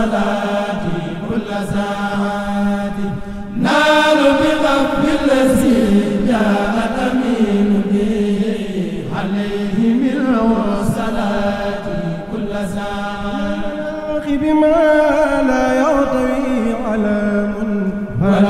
كل ساعاتي الذي جاء به عليه من كل ساعاتي بما لا يرضي على منفرد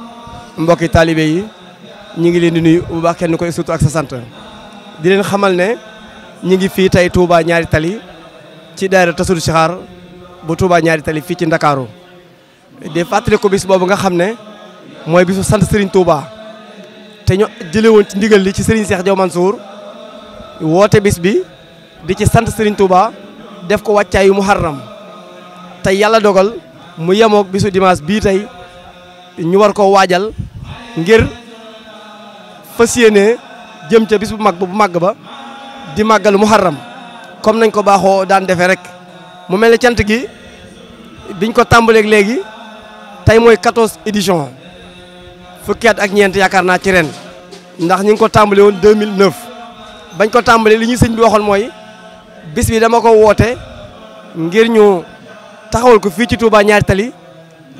mbokki taalibe yi ñu ngi leen di nuyu bu baax kenn koy surtout ak sa sant di leen xamal ne ñu ngi fii tey Touba ñaari tali ci daayira Tassoudou Chikhar bu Touba ñaari tali fii ci Ndakaaru di fàttali ko bis boobu nga xam ne mooy bisu sant Serigne Touba te ñu jëlee woon ci ndigal li ci Serigne Cheikh Diaw Mansour woote bis bi di ci sant Serigne Touba def ko wàccaayu Muharram te yàlla dogal mu yemoog bisu dimanche bii tey. ñu war ko waajal ngir fas yéene jëm ca bis bu mag ba bu màgg ba di mu muharram comme nañ ko baaxoo daan defee rek mu mel ne cant gi biñ ko tàmbaleeg léegi tey mooy 14 édition fukki at ak ñeent yaakaar naa ci ren ndax ñu ngi ko tàmbale woon 2009 bañ ko tàmbale li ñuy sëñ bi waxoon mooy bis bi dama ko woote ngir ñu taxawal ko fii ci Touba ñaari tali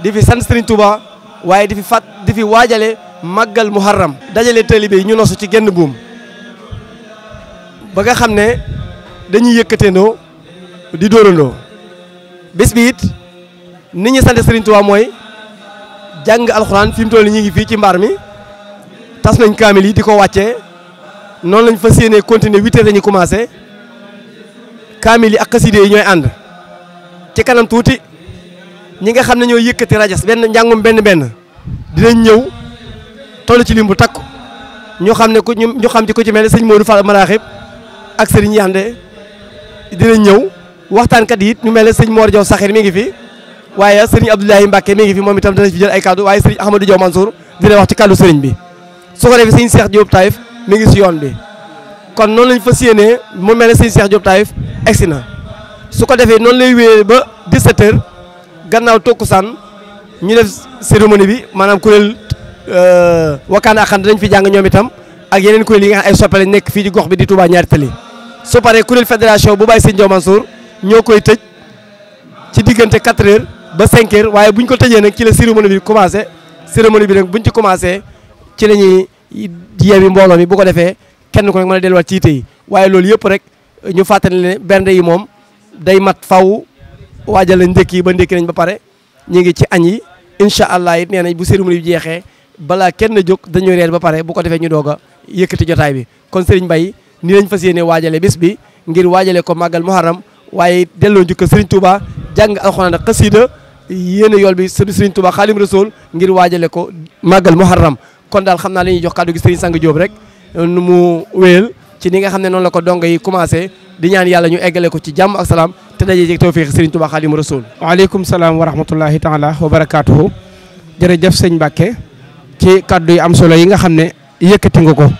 di fi sant Serigne Touba waaye di fi fat di fi waajale màggal muharram dajale taalibe yi ñu nosu ci genn buum ba nga xam ne dañuy yëkkateendoo di dóorandoo bés bi it nit ñi sant Serigne Touba mooy jàng alxuraan fi mu toll ñu ngi fii ci mbaar mi tas nañ kaamil yi di ko wàcce noonu lañ fa yéenee continuer huit heures la ñu commencé kaamil yi ak xaside yi ñooy ànd ci kanam tuuti. ñi nga xam ne ñoo yëkkati rajas benn njàngum benn benn dinañ ñëw toll ci lim bu takku ñu xam ne ku ñu xam ci ku ci mel ne sëñ Modou Fall Maraxib ak sëriñ Yande dinañ ñëw waxtaankat yi it mel ne sëñ Mor Diaw mi ngi fi waaye sëriñ Abdoulaye mbakke mi ngi fi moom itam danañ fi jël ay kaddu waaye sëriñ Ahmadou Diaw Mansour dina wax ci kaddu sëriñ bi su ko defee sëñ Cheikh Diop Taïf mi ngi si yoon bi kon noonu lañ fa yéenee mu mel ne sëñ Cheikh Diop Taïf egsi na su ko defee noonu lay wéyee ba 17 heures gannaaw takkusaan ñu def cérémonie bi maanaam kuréel euh, wakkaana ak xam dañ fi jàng ñoom itam ak yeneen kuréel yi nga xam ay soppe nekk fii ci gox bi di Touba ñaar tali su paree kuréel fédération bu bàyyi sëñ Diaw Mansour ñoo koy tëj ci diggante 4 heures ba 5 heures waaye bu ñu ko tëjee nag ci la cérémonie bi commencé cérémonie bi nag bu ñu ci commencé ci la ñuy yeewi mbooloo mi bu ko defee kenn ko nag mën a delluwaat ci yitte yi waaye loolu yëpp rek ñu fàttali ne bernde yi moom day mat faw waajal nañ yi ba ndékki nañ ba pare ñu ngi ci añ yi incha allah it nee nañ bu cérémonie bi jeexee balaa kenn jóg dañuy reer ba pare bu ko defee ñu doog yëkkati jotaay bi kon Serigne bay nii lañ fa fas yéene waajale bis bi ngir waajale ko màggal muharram waaye delloo njukkal Serigne Touba jàng alxuraan ak xasida yéene yool bi Serigne Touba xaalim rasul ngir waajale ko màggal muharram kon daal xam naa la ñuy jox kàddu gi Serigne Sang Diop rek nu mu wéyal ci ni nga xam ne noonu la ko dong yi commencé di ñaan yàlla ñu eggale ko ci jàmm ak salaam te daje jeeg tawféex Serigne Touba ma Rasuul. waaleykum salaam wa rahmatullahi taala wa barakaatuhu. jërëjëf sëñ Mbacke ci kàddu yi am solo yi nga xam ne yëkkati nga ko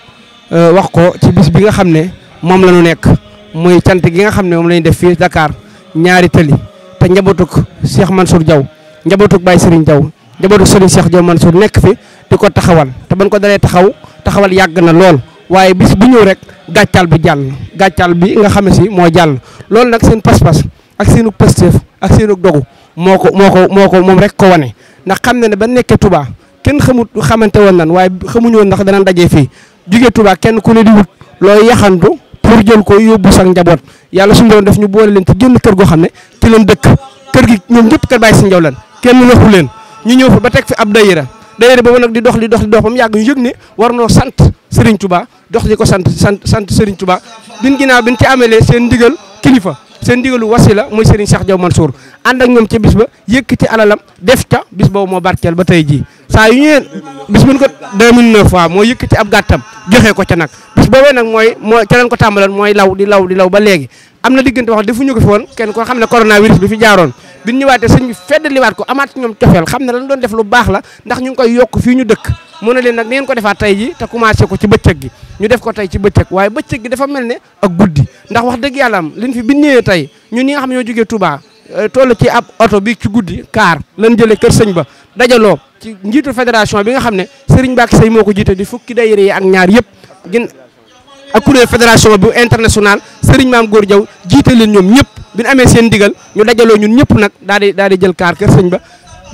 euh, wax ko ci bis bi nga xam ne moom la ñu nekk muy cant gi nga xam ne moom lañuy def fii dakaar ñaari tëli te njabootug Cheikh Mansour Diaw njabootug Baye Serigne Diaw njabootug Serigne Cheikh Diaw Mansour nekk fi di ko taxawal te ban ko dalee taxaw taxawal yàgg na lool. waye bis bu ñew rek gatchal bi jall gatchal bi nga xamé ci mo jall lool nak seen pas-pas ak seenu pestef ak seenu dogu moko ko moko ko ko rek ko wone nak xamné ne ba nekké Touba kenn xamut xamanté won nan waaye xamuñu nak da dana dajé fi jugé Touba kenn ku ne di wut loy yaxantu pour jël ko yobbu sax njabot yalla suñu doon def ñu boole leen ci jënd kër go xamné ci leen dëkk kër gi ñoom ñëpp kër bay si lan kenn leen ñu ñëw fa ba tek fi ab daayira boobu nag di dox di dox di dox ba mu yàgg ñu yëg ne war noo sant Serigne Touba dox di ko sant sant sant Serigne Touba bin ginnaaw bin ci amelee seen ndigal kilifa seen ndigalu wasila mooy Serigne Cheikh Diaw Mansour ànd ak ñoom ca bis ba yëkkati alalam def ca bis boobu moo barkeel ba tey jii saa yu ñëwee bis buñ ko 2009 waaw moo yëkkati ab gàttam joxe ko ca nag bis boobee nag mooy mooy ca lañ ko tàmbaloon mooy law di law di law ba léegi am na diggante wax defuñu ko fi kenn koo xam ne coronavirus bi fi jaaroon bi ñu ñëwaatee sëñ bi fedd liwaat ko amaat ñoom cofeel xam ne lan doon def lu baax la ndax ñu ngi koy yokk fii ñu dëkk mu ne leen nag ngeen ko defaat tey ji te commencé ko ci bëccëg gi ñu def ko tey ci bëccëg waaye bëccëg gi dafa mel ne ak guddi ndax wax dëgg yàlla am liñ fi bi ñëwee tey ñun ñi nga xam ñoo jógee Touba euh, toll ci ab oto bi ci guddi kaar lan jëlee kër sëñ ba dajaloo ci njiitu fédération bi nga xam ne Serigne Mbacke Seye moo ko jiite di fukki daayira yi ak ñaar yëpp ak kuréel fédération bu international sëriñ maam góor jaw jiite leen ñoom ñëpp bi ñu amee seen ndigal ñu dajaloo ñun ñëpp nag daal di daal di jël kaar kër sëñ ba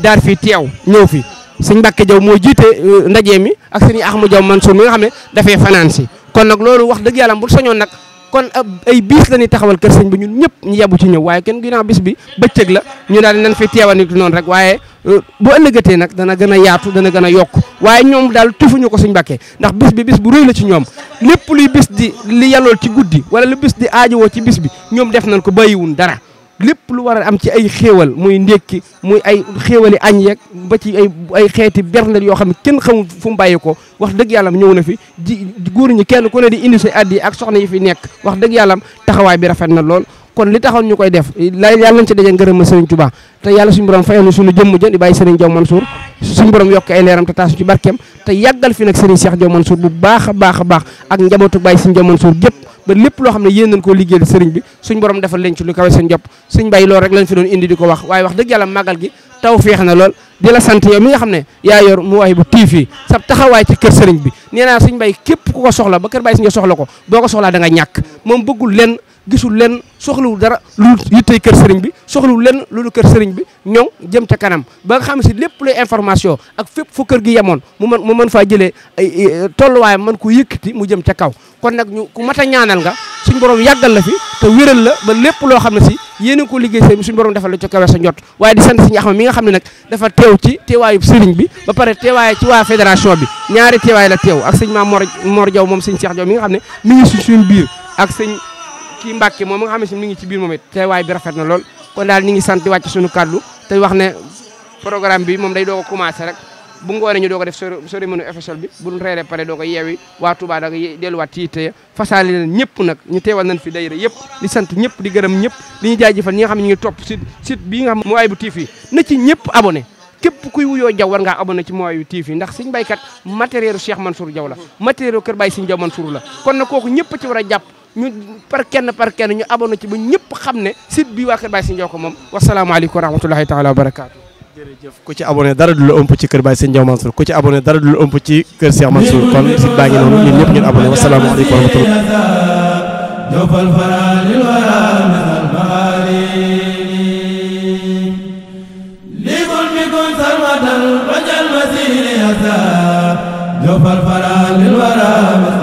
daar fii teew ñëw fi sëñ Mbàkke jaw moo jiite euh, ndaje mi ak sëriñ Axma jaw Mansour mi nga xam ne dafee fanaan si kon nag loolu wax dëgg yàlla bu soñoon nag kon ay biis la ñuy taxawal kër sëñ bi ñun ñëpp ñu yabu ci ñëw waaye kenn ginnaaw bis bi bëccëg la ñu daal di nañ fi teewal nit noonu rek waaye euh, boo ëllëgatee nag dana gën a yaatu dana gën a yokk waaye ñoom daal tufuñu ko suñ Mbàkke ndax bis bi bis bu rëy la ci ñoom lépp luy bis di li yalool ci guddi wala lu bis di aajowoo ci bis bi ñoom def nañ ko bàyyiwun dara lépp lu war a am ci ay xéewal muy ndékki muy ay yi añ yeeg ba ci ay ay xeeti bernde yoo xam ne kenn xamu fu mu bàyyi ko wax dëgg yàllam ñëw na fi ji góor ñi kenn ku ne di indi say addi ak soxna yi fi nekk wax dëgg yàllam taxawaay bi rafet na lool kon li taxoon ñu koy def la yàlla nañ ci daje ngërëmal Serigne Touba te yàlla suñu borom fayal ñu suñu bu baax a baax a baax ak njabootu bàyyi Serigne Diaw Mansour gépp ba lépp loo xam ne yéen nañ koo liggéeyal Serigne bi suñu borom defal leen ci lu kawe seen jopp suñ bàyyi loolu rek lañ fi doon indi di ko wax waaye wax dëgg yàlla màggal gi taw feex na lool di la sant yow mi nga xam ne yaa mu waay bu tiifi sab taxawaay ci kër sëriñ bi nee naa suñ bay képp ku ko soxla ba kër bay suñ nga soxla ko boo da nga ñàkk gisul leen soxlawul dara lu yittey kër sëriñ bi soxlawul lenn loolu kër sëriñ bi ñoŋ jëm ca kanam ba nga xam si lépp luy information ak fépp foo kër gi yemoon mu mën mu mën faa jëlee ay tolluwaayam mën ko yëkkati mu jëm ca kaw kon nag ku mat a ñaanal nga suñ borom yàggal la fi te wéral la ba lépp loo xam ne si yéen a ko liggéey sëriñ suñu borom defal la ca kawe sa njot waaye di sant si ñax xam ne nag dafa teew ci teewaayu sëriñ bi ba pare teewaay ci waa fédération bi ñaari teewaay la ak sëñ Maam Mor Mor Jaw moom sëñ Seex Jaw mi nga xam ne mi ngi si suñ biir ak sëñ kii Mbàkke moom mi nga xam ne si ci biir moom it teewaay bi rafet na lool kon daal ñi ngi sant wàcc suñu kàddu te wax ne programme bi moom day doog a commencé rek bu ngoonee ñu doog a def cérémonie officielle bi ñu reeree pare doog a da nga delluwaat ci ñu teewal nañ fi dayira yëpp di sant ñëpp di gërëm ñëpp di ñu jaajëfal ñi nga xam ne ñu ngi topp site site bii nga xam ne Mawahibou TV na ci ñëpp abonné képp kuy wuyoo jaw war ngaa abonné ci Mawahibou TV ndax suñu baykat matériel Cheikh Mansour Diaw la matériel kër Baye Serigne Diaw Mansour la ñu par kenn par kenn ñu abonné ci ba ñëpp xam ne site bi waa Kër Baye Serigne Diaw ko moom wasalaamaaleykum wa rahmatulahi taala wa barakaatu. ku ci abonné dara du la ëmp ci Kër Baye Serigne Diaw Mansour ku ci abonné dara du la ëmp Kër Cheikh Mansour kon site baa ngi noonu ñun ñëpp ngeen abonné wasalaamaaleykum wa rahmatulahi. جوف الفرا للورى